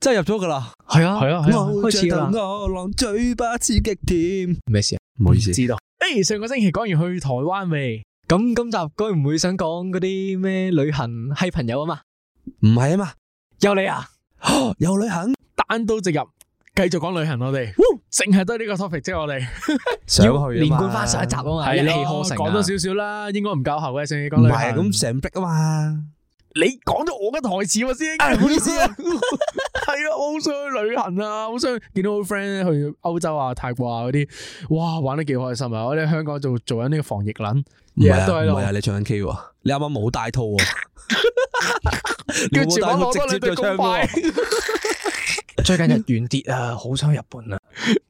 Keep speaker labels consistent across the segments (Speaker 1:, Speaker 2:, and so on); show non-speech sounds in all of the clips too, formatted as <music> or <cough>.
Speaker 1: 真係入咗噶啦，係啊，係啊，開始刺激添，咩事啊？唔好意思，知道。誒，上個星期講完去台灣未？咁今集該唔會想講嗰啲咩旅行係朋友啊嘛？唔係啊嘛？有你啊？有旅行，單刀直入，繼續講旅行。我哋淨係得呢個 topic，啫，我哋。
Speaker 2: 想去啊嘛？連貫翻上一集啊嘛？係咯，講多
Speaker 1: 少少啦，應該唔夠喉嘅上次講旅行，咁成 break 啊嘛？你講咗我嘅台詞喎，師兄。係啊，好、 <laughs> 啊、想去旅行啊，好想見到好 friend 去歐洲啊、泰國啊嗰啲，哇，玩得幾開心啊！我哋香港做做緊呢個防疫捻，唔 Yeah, 都係咯。係啊，啊，
Speaker 2: 你唱緊 K 喎，你啱啱冇帶套啊，叫錢我攞多兩對公筷。 <laughs>
Speaker 1: 最近日元跌啊，好想去日本啊，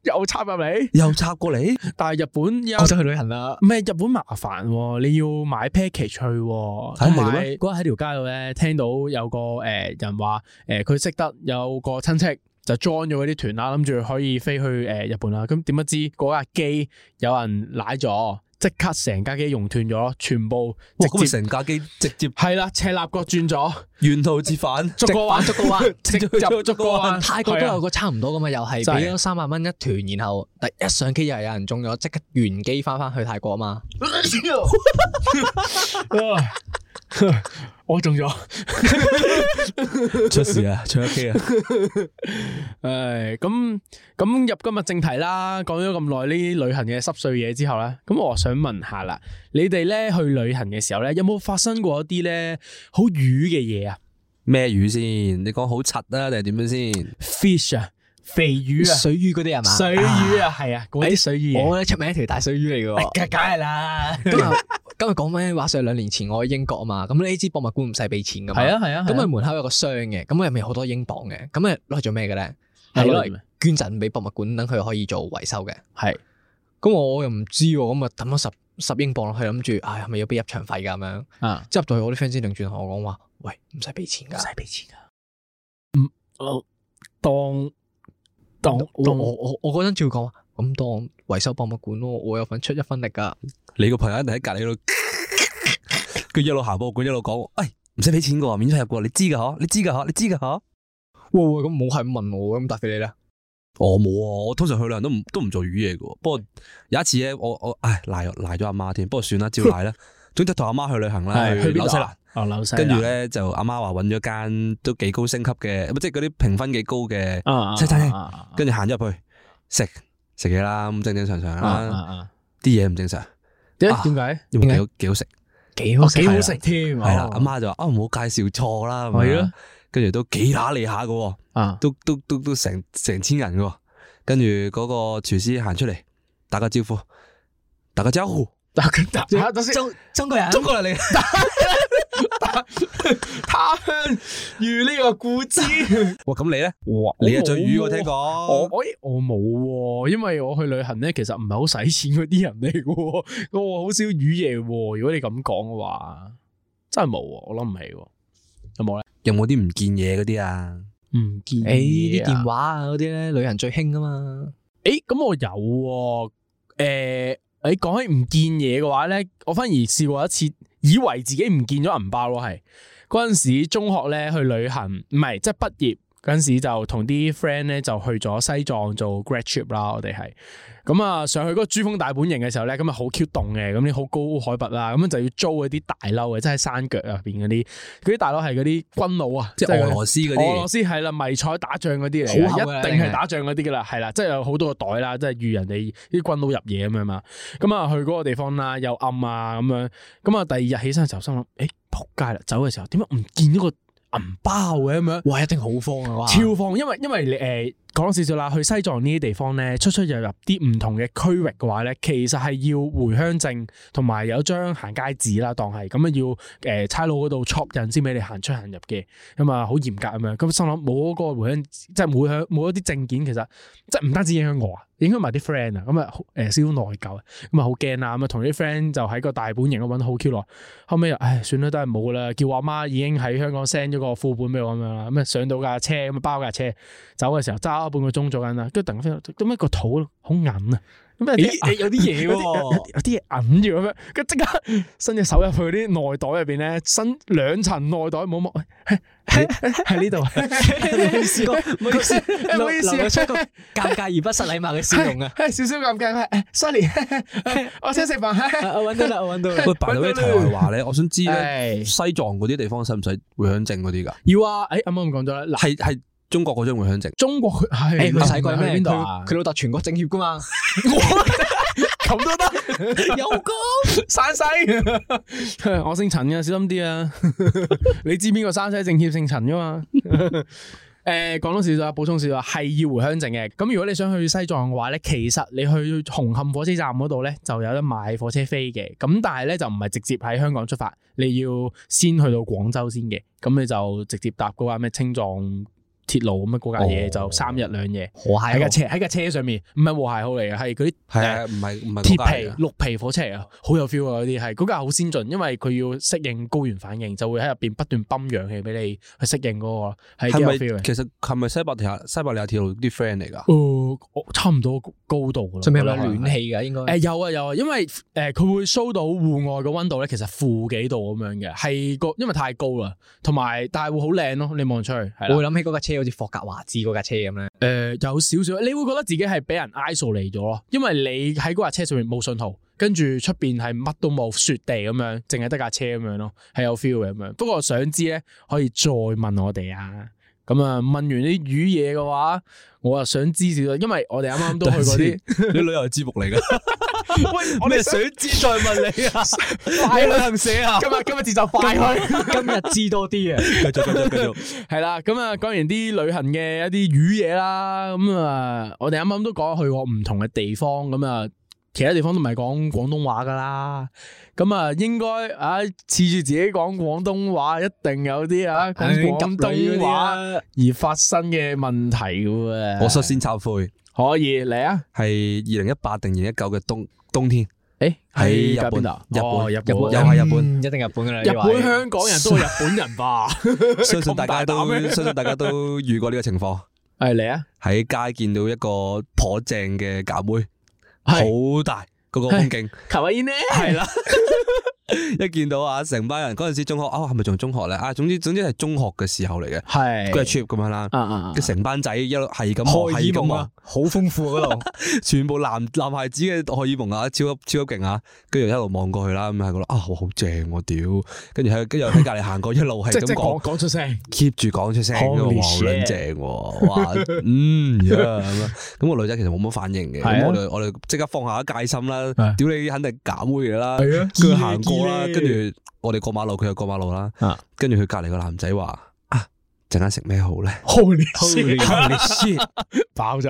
Speaker 1: 又插入嚟，又插過嚟，但係日本，又想去旅行啦。咩？日本麻煩喎，你要買 package 去喎。嗰日喺條街度咧，聽到有個誒人話，誒佢識得有個親戚就 join 咗嗰啲團啦，諗住可以飛去誒日本啦。咁點不知嗰日機有人賴咗。即刻成架機熔斷咗，全部直接成架機直接係啦， <laughs> 赤鱲角轉咗，沿途折返,返，逐個彎， <laughs> 逐個彎，直接入逐個彎。泰國都有個差唔多㗎嘛，又係俾咗三百蚊一團，然後但一上機又係有人中咗，即刻原機返返去泰國啊嘛。 <laughs> 我中咗了 <laughs> 出事啊，出咗機啊！唉、 <laughs> 哎，咁咁入今日正題啦，講咗咁耐呢啲旅行嘅濕碎嘢之後咧，咁我想問下啦，你哋咧去旅行嘅時候咧，有冇發生過一啲咧好魚嘅嘢啊？咩魚先？你講好柒啊，定係點樣先？Fish 啊！肥魚啊，水魚嗰啲係嘛？水魚啊係啊，嗰啲水魚，我咧出名一條大水魚嚟嘅，梗係啦。今日講返話？上兩年前我去英國啊嘛，咁呢支博物館唔使俾錢噶嘛，係啊係啊。咁佢門口有個箱嘅，咁佢入面好多英鎊嘅，咁啊攞嚟做咩嘅咧？係攞嚟捐贈俾博物館，等佢可以做維修嘅。係，咁我又唔知，咁啊抌咗十十英鎊落去，諗住，哎，係咪要俾入場費噶咁樣？啊，即入到去我啲 friend 先轉轉同我講話，喂，唔使俾錢噶，唔使俾錢噶，唔我當。當，當我我我嗰陣照講，咁當維修博物館咯，我有份出一分力噶。
Speaker 2: 你個朋友一定喺隔籬度，佢一路行博物館一路講，哎，唔使俾錢噶，免費入噶，你知噶嗬，你知噶嗬，你知噶嗬。哇，咁冇係咁問我，咁答俾你咧。我冇啊，我通常去旅行都唔都唔做魚嘢噶， <laughs> 不過有一次咧，我我唉賴賴咗阿媽添，不過算啦，照賴啦。 <laughs> 總之同阿媽去旅行啦，去紐西蘭，
Speaker 1: 跟住咧
Speaker 2: 就阿媽話揾咗間都幾高星級嘅，即係嗰啲評分幾高嘅餐廳，跟住行咗入去食食嘢啦，咁正正常常啦，啲嘢唔正常，點點解？唔幾好食，幾好幾好食
Speaker 1: 添，係啦。阿
Speaker 2: 媽就話啊，唔好介紹錯啦，係咯，跟住都幾犀利下嘅，啊，都都都都成成千人嘅，跟住嗰個廚師行出嚟打個招呼，打個招呼。
Speaker 1: 啊、中中國人，中國人嚟，打，他鄉遇呢個故知。 <laughs> 咁你
Speaker 2: 咧？哇你啊最遇我、啊、聽講說。我，我，
Speaker 1: 我冇，因為我去旅行咧，其實唔係好使錢嗰啲人嚟嘅，我好少遇嘢、啊。如果你咁講嘅話，真係冇、啊。我諗唔係。有冇咧？有冇
Speaker 2: 啲唔見嘢嗰啲啊？唔見誒、啊，啲、啊哎、電話
Speaker 1: 啊嗰啲咧，旅行最興啊嘛。誒、哎，咁我有誒、啊。呃呃哎，你講起唔見嘢嘅話咧，我反而試過一次，以為自己唔見咗銀包咯，係嗰陣時中學咧去旅行，唔係即係畢業。嗰陣時就同啲 friend 咧就去咗西藏做 grad trip 啦，我哋係咁啊上去嗰個珠峰大本營嘅時候咧，咁啊好 Q 凍嘅，咁你好高海拔啦，咁啊就要租嗰啲大褸嘅，即係山腳入邊嗰啲，嗰啲大褸係嗰啲軍佬啊，即係俄羅斯嗰啲，俄羅斯係啦，迷彩打仗嗰啲嚟，一定係打仗嗰啲噶啦，係是啦，即係有好多個袋啦，即係遇人哋啲軍佬入嘢咁樣嘛，咁啊去嗰個地方啦，又暗啊咁樣，咁啊第二日起身嘅時候心諗，誒仆街啦，走嘅時候點解唔見咗、個？銀包嘅咁樣，哇，一定好慌啊，超慌，因為因為誒。呃講少少啦，去西藏呢啲地方咧，出出入入啲唔同嘅區域嘅話咧，其實係要回鄉證同埋有，有張行街紙啦，當係咁樣要誒差佬嗰度戳印先俾你行出行入嘅，咁啊好嚴格咁樣。咁心諗冇嗰個回鄉，即係冇冇一啲證件，其實即係唔單止影響我啊，影響埋啲 friend 啊。咁啊誒，少少內疚啊，咁啊好驚啦。咁啊同啲 friend 就喺個大本營度揾好 q 耐。後尾唉算啦，都係冇啦。叫阿媽已經喺香港 send 咗個副本俾我咁樣啦。咁啊上到架車咁啊包架車走嘅時候半個鐘咗緊啦，跟住突然間，欸、點解個肚好硬啊？咁啊， <laughs> 有啲嘢，有啲嘢揞住咁樣，跟住即刻伸隻手入去啲內袋入邊咧，伸兩層內袋，冇冇喺呢度啊？唔、欸、 <laughs> 這裡 <laughs> 好意思，唔好意思，留，留出個尷尬而不失禮貌嘅笑容啊！少少尷尬，sorry，我先食飯。我搵到啦，我搵到啦。喂，辦到呢條
Speaker 2: 話咧，我想知西藏嗰啲地方使唔使回鄉證嗰啲噶？要
Speaker 1: 啊！誒，啱啱講咗啦，係係。中國嗰張回鄉證，中國，誒，佢睇過咩？佢老豆全國政協噶嘛？咁都得？ <laughs> 有個個山西， <laughs> 我姓陳嘅、啊，小心啲啊！ <laughs> 你知邊個山西政協姓陳噶嘛？誒、 <laughs> <laughs> 呃，廣東事話補充，少話係要回鄉證嘅。咁如果你想去西藏嘅話咧，其實你去紅磡火車站嗰度咧就有得買火車飛嘅。咁但係咧就唔係直接喺香港出發，你要先去到廣州先嘅。咁你就直接搭嗰個咩青藏？鐵路咁啊，嗰架嘢就三日兩夜，喺的架車喺架車上面，唔係和諧號嚟嘅，係嗰啲係唔係唔係鐵皮綠皮火車啊，好有 feel 啊嗰啲係，嗰架好先進，因為佢要適應高原反應，就會喺入邊不斷泵氧氣俾你去適應嗰、嗰個。係咪的其實係咪西伯利亞西伯利亞鐵路啲 friend 嚟噶？誒、呃，差唔多高度嘅，使唔使有，有暖氣嘅？應該、呃、有啊有啊，因為誒佢、呃呃、會收到戶外嘅溫度咧，其實負幾度咁樣嘅，係個因為太高啦，同埋但係會好靚咯，你望出去，我會諗起嗰架車。好似霍格華茲嗰架車咁咧，誒、呃，有少少，你會覺得自己係俾人 isolate 嚟咗咯，因為你喺嗰架車上面冇信號，跟住出邊係乜都冇，雪地咁樣，淨係得架車咁樣咯，係有 feel 咁樣。不過我想知咧，可以再問我哋啊。咁啊，問完啲閪嘢嘅話，我又想知少少，因為我哋啱啱都去過啲，啲旅遊節目嚟㗎。喂， <laughs> <laughs> 我哋想知 <laughs> 再問你啊，快旅行社啊，今日今日節奏快去， <laughs> 今日 <laughs> 知多啲啊，繼續繼續繼續，係啦。咁啊，講 <laughs> 完啲旅行嘅一啲閪嘢啦，咁啊，我哋啱啱都講去過唔同嘅地方，咁啊。其他地方都唔係講廣東話噶啦，咁啊應該啊恃住自己講廣東話，一定有啲啊講廣東話而發生嘅問題嘅喎。我率先懺悔，可以嚟啊！係二零一八定二零一九嘅冬冬天，誒喺日本啊，哦日本又係日本，
Speaker 2: 一定日本噶啦。日本香港人都係日本人吧？相信大家都相信大家都遇過呢個情況。係嚟啊！喺街見到一個頗正嘅假妹。好大。個咁勁，
Speaker 1: 求我煙呢？係啦，
Speaker 2: 一見到啊，成班人嗰陣時中學，啊，係咪仲中學咧？啊，總之總之係中學嘅時候嚟嘅，係個 trip 咁樣啦，成班仔一路係咁荷爾蒙啊，
Speaker 1: 好豐富噶咯，
Speaker 2: 全部男男孩子嘅荷爾蒙啊，超級超級勁啊，跟住一路望過去啦，咁喺度，啊，好正我屌，跟住喺跟住喺隔籬行過，一路係咁講講出聲，keep 住講出聲，哇，靚正喎，哇，嗯，咁啊，咁個女仔其實冇乜反應嘅，我哋我哋即刻放下啲戒心啦。屌，你肯定減嘅嘢啦，跟住行過啦，跟住我哋過馬路，佢又過馬路啦，跟住佢隔籬個男仔話，啊，陣間食咩好咧？好，
Speaker 1: 你先，賀爆咗！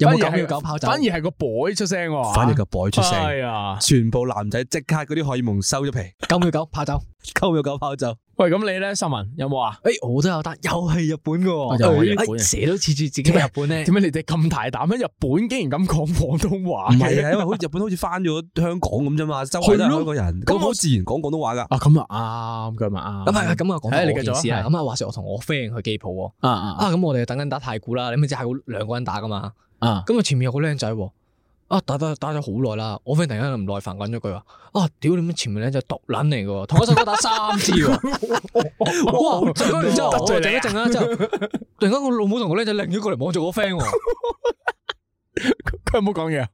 Speaker 1: 有冇九秒九爆走？反而係個 boy 出聲，反而個
Speaker 2: boy 出聲，係啊！全部男仔
Speaker 1: 即刻嗰啲荷爾蒙收咗皮，九秒九爆走，九秒九爆走。喂，咁你咧新聞有冇啊？誒，我都有單，又係日本嘅，成日都似似自己喺日本咧。點解你哋咁大膽喺日本，竟然咁講廣東話？唔係啊，因為
Speaker 2: 好日本好似翻咗香港咁啫嘛，周圍都係香港人，
Speaker 1: 咁好自然講廣東話噶。啊，咁啊啱，噶嘛！啱。咁係啊，咁啊，誒，你繼續。咁啊，話說我同我 friend 去機鋪。啊啊啊！咁我哋等緊打太古啦，你咪知係兩個人打噶嘛。啊！咁啊，前面有個靚仔。啊打打打咗好耐啦，我 friend 突然間唔耐煩講咗句話，啊屌你咩前面咧就毒撚嚟嘅，同我細佬打三次，我話，之後我靜一靜啊，之後突然間我老母同我咧就擰咗過嚟望住我 friend，佢有冇講嘢？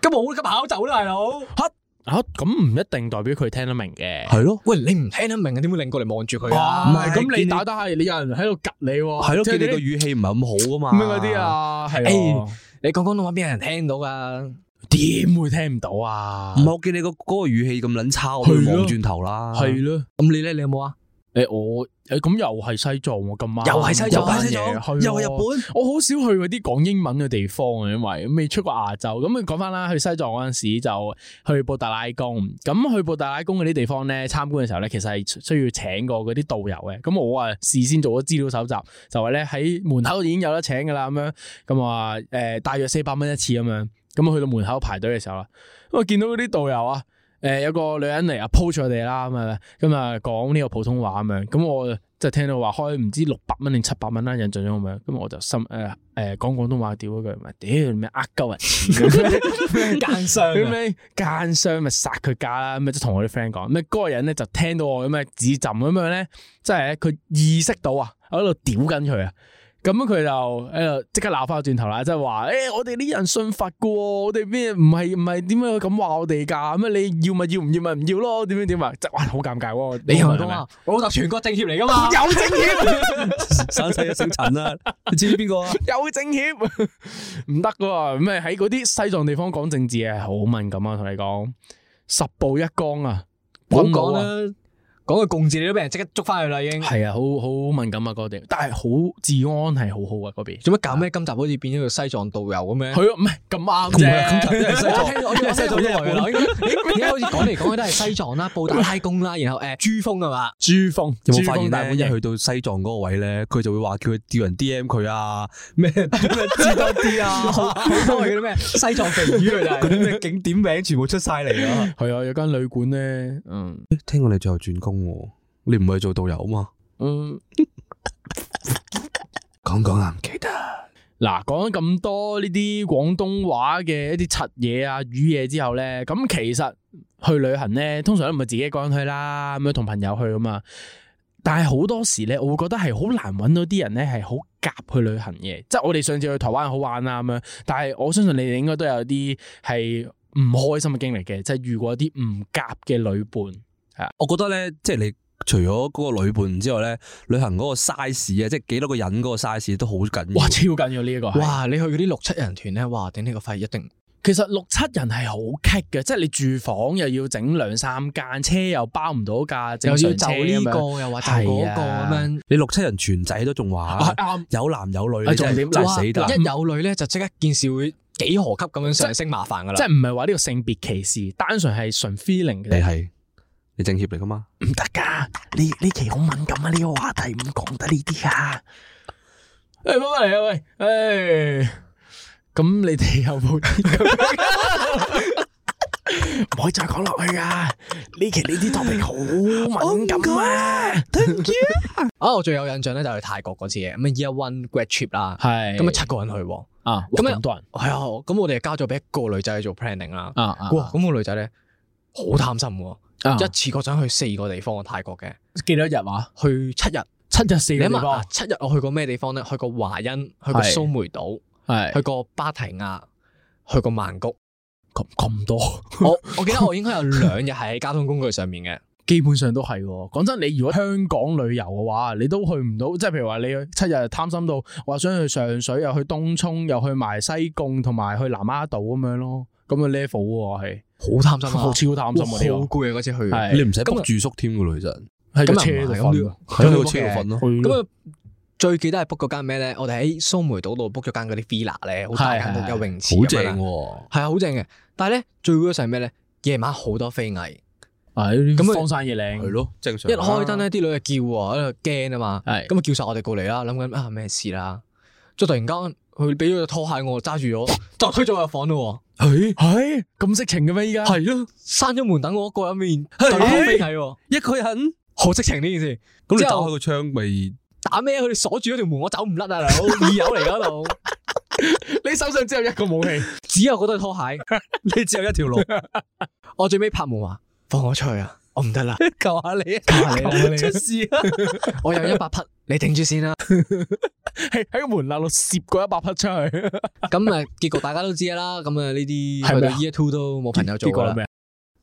Speaker 1: 今日好，今日好就好大佬，吓吓咁唔一定代表佢聽得明嘅，係咯？喂，你唔聽得明啊？點會擰過嚟望住佢啊？唔係，咁你打得係你有人喺度吉你，係咯？即係你個語氣唔係咁好噶嘛？咩嗰啲啊？係。你講廣東話邊有人聽到噶點會聽唔到啊？唔係我見你個嗰個語氣咁撚差，我都望轉頭啦。係咯，咁你咧你有冇啊？誒、欸，我誒咁、欸、又係西藏喎，啊，今晚又係西藏，又係日本。我好少去嗰啲講英文嘅地方啊，因為未出過亞洲。咁你講翻啦，去西藏嗰陣時就去布達拉宮。咁去布達拉宮嗰啲地方咧，參觀嘅時候咧，其實係需要請過嗰啲導遊嘅。咁我啊事先做咗資料搜集，就話咧喺門口已經有得請噶啦，咁樣咁話誒大約四百蚊一次咁樣。咁去到門口排隊嘅時候啦，我見到嗰啲導遊啊。誒有個女人嚟啊 po 咗我哋啦咁啊，咁啊講呢個普通話咁樣，咁我就聽到話開唔知六百蚊定七百蚊啦，印象中咁樣，咁我就心誒誒、呃呃、講廣東話屌佢！」「句，屌你咩呃鳩人 <laughs> 奸商，奸商咪殺佢價啦，咪即同我啲 friend 講，咩嗰個人咧就聽到我咁啊指浸咁樣咧，即係佢意識到啊，喺度屌緊佢啊！咁佢就喺即刻鬧翻個轉頭啦，即係話誒，我哋呢人信佛嘅，我哋咩唔係唔係點樣咁話我哋噶？咁你要咪要，唔要咪唔要咯？點樣點啊？即係哇，好尷尬喎！你明唔明啊？我老豆全國政協嚟噶嘛？ <laughs> 有政協協，山西嘅小陳
Speaker 2: 啦， <laughs> 你知唔知邊個
Speaker 1: 有政協唔得嘅，咩喺嗰啲西藏地方講政治係好敏感啊！同你講十步一崗啊，唔講啦。講句共字，你都俾人即刻捉翻去啦，已經係啊，好好敏感啊嗰邊，那個，但係好治安係好好啊嗰邊。做乜搞咩？啊、今集好似變咗個西藏導遊咁、啊啊、麼樣。佢唔係咁啱啫。聽到我聽到我做西藏導遊。而家 <laughs> 好似講嚟講去都係西藏啦，布達拉宮啦，然後誒、呃、珠峰啊嘛。珠峰有冇發現？大半夜去到西藏嗰個位咧，佢就會話叫佢叫人 D M 佢啊，咩知多啲啊，嗰啲咩西藏地語啊，嗰啲咩景點名全部出晒嚟啊。係啊，有間旅館咧，嗯，聽我哋最後轉工。哦、你唔係做導遊嘛？嗯，講講 <laughs> 啊，唔記得。嗱，講咗咁多呢啲廣東話嘅一啲柒嘢啊、語嘢之後咧，咁其實去旅行咧，通常都唔係自己一個人去啦，咁樣同朋友去啊嘛。但係好多時咧，我會覺得係好難揾到啲人咧，係好夾去旅行嘅。即係我哋上次去台灣好玩啊咁樣，但係我相信你哋應該都有啲係唔開心嘅經歷嘅，即係遇過啲唔夾嘅旅伴。
Speaker 2: 我覺得咧，即係你除咗嗰個女伴之外咧，旅行嗰個 size 啊，即係幾多個人嗰個 size 都好緊要。哇，超緊要呢一個。哇，
Speaker 1: 你去嗰啲六七人團咧，哇，頂你個肺一定。其實六七人係好棘嘅，即係你住房又要整兩三間，車又包唔到架，又要就呢、這個，又話談嗰個咁、啊、樣。你六七人全仔都仲話，有男有女，啊、你仲點？得？哇死一有女咧，就即刻一件事會幾何級咁樣上升麻煩噶啦。即係唔係話呢個性別歧視，單純係純 feeling 嘅。你
Speaker 2: 係。你政協嚟噶嘛？
Speaker 1: 唔得噶，呢呢期好敏感啊！呢、這個話題唔講得呢啲㗎。誒、哎，翻返嚟啊，喂，誒、哎，咁你哋有冇？唔可以再講落去噶、啊，呢期呢啲 topic 好敏感。對唔住啊。哦，我最有印象咧就係去泰國嗰次嘅，咁啊，one great trip 啦，係咁啊，是七個人去，啊咁啊多人，係啊，咁我哋交咗俾一個女仔去做 planning 啦、啊，啊啊，哇，咁個女仔咧好貪心喎。Uh huh. 一次過想去四個地方我泰國嘅，幾多日話啊？去七日，七日四個地方。七日我去過咩地方咧？去過華欣，去過蘇梅島，係，去過芭提雅，去過曼谷。咁咁多？ <laughs> 我我記得我應該有兩日喺交通工具上面嘅，基本上都係。講真，你如果香港旅遊嘅話，你都去唔到。即係譬如話你七日貪心到，話想去上水，又去東涌，又去埋西貢，同埋去南丫島咁樣咯。咁嘅 level 係。好貪心啊！超貪心好攰啊！嗰次去，你唔使 book 住
Speaker 2: 宿添噶咯，其實係坐車就咁樣喺個車度瞓咯。咁啊，
Speaker 1: 最記得係 book 嗰間咩咧？我哋喺蘇梅島度 book 咗間嗰啲 villa 咧，好大間，有泳池，好正喎。係啊，好正嘅。但係咧最屘嘅就係咩咧？夜晚好多飛蟻，係咁啊，荒山野嶺係咯，即係一開燈咧，啲女啊叫啊，喺度驚啊嘛。咁啊，叫晒我哋過嚟啦，諗緊啊咩事啦，就突然間。佢畀咗隻拖鞋，我揸住咗，就推咗入房啦。係係咁色情嘅咩？依家係咯，閂咗門等我一個人面，第一通俾睇喎。一個人好色情呢件事，咁你打開個窗未？打咩？佢哋鎖住嗰條門，我走唔甩啊！大佬！二友嚟噶大佬！你手上只有一個武器，只有嗰對拖鞋，你只有一條路。我最尾拍門話，放我出去啊！我唔得啦，求下你啊！求下你啊！出事啦，我有一百匹，你頂住先啦。係喺個門罅度攝過一百匹出去，咁啊，結局大家都知啦。咁啊，呢啲係咪 year
Speaker 2: two 都冇朋友做過啦？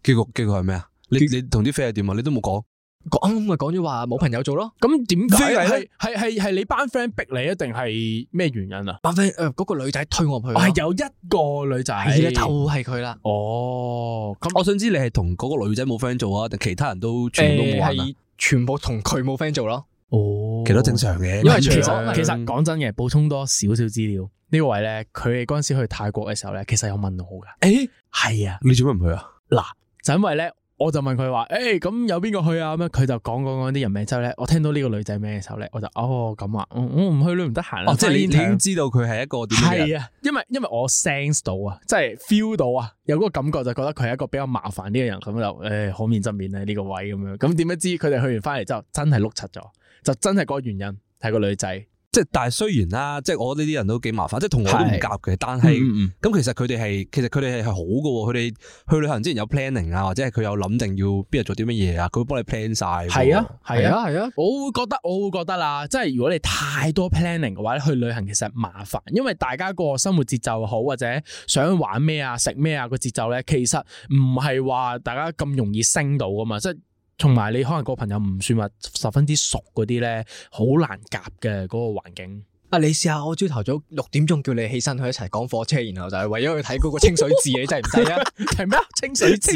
Speaker 2: 結局結局係咩啊？你你同啲 friend 係點啊？你都冇講。咁咪講咗話冇朋友做咯，咁點解
Speaker 1: 係係係你班 friend 逼你，定係咩原因啊？班 friend 誒，嗰、呃嗰個女仔推我入去，係有一個女仔，就係
Speaker 2: 佢啦。哦，咁我想知你係同嗰個女仔
Speaker 1: 冇 friend 做啊，定其他人都全部都冇人、呃、全部同佢冇 friend 做咯。哦，其實正常嘅，因為其實講、啊、真嘅，補充多少少資料，位呢位咧，佢嗰陣時去泰國嘅時候咧，其實有問我噶。誒、欸，係啊，的你做乜唔去啊？嗱喇，就因為咧。我就問佢話，誒、欸，咁有邊個去啊？咁樣佢就講講講啲人名之後咧，我聽到呢個女仔名嘅時候咧，我就哦，咁啊，我唔去都唔得閒啦。哦，嗯嗯嗯、哦即係你你已經知
Speaker 2: 道佢係一個點？係啊，
Speaker 1: 因為因為我 sense 到啊，即係 feel 到啊，有嗰個感覺就覺得佢係一個比較麻煩啲嘅人，咁就誒好、哎、面真面咧呢、這個位咁樣。咁點樣知佢哋去完翻嚟之後真係碌柒咗？就真係嗰個原因係個女仔。即係，但係雖
Speaker 2: 然啦，即係我呢啲人都幾麻煩，即係同我都唔夾嘅。但係咁，其實佢哋係，其實佢哋係係好嘅。佢哋去旅行之前有 planning 啊，或者係佢有諗定要邊日做啲乜嘢啊，佢會幫你 plan 晒。係啊，係啊，係
Speaker 1: 啊，啊我會覺得，我會覺得啦。即係如果你太多 planning 嘅話咧，去旅行其實麻煩，因為大家個生活節奏好，或者想玩咩啊、食咩啊個節奏咧，其實唔係話大家咁容易升到噶嘛，即係。同埋你可能個朋友唔算話十分之熟嗰啲咧，好難夾嘅嗰個環境。啊，你試下我朝頭早六點鐘叫你起身去一齊講火車，然後就係為咗去睇嗰個清水寺，哦、你真係唔使啊！係咩啊？清水寺、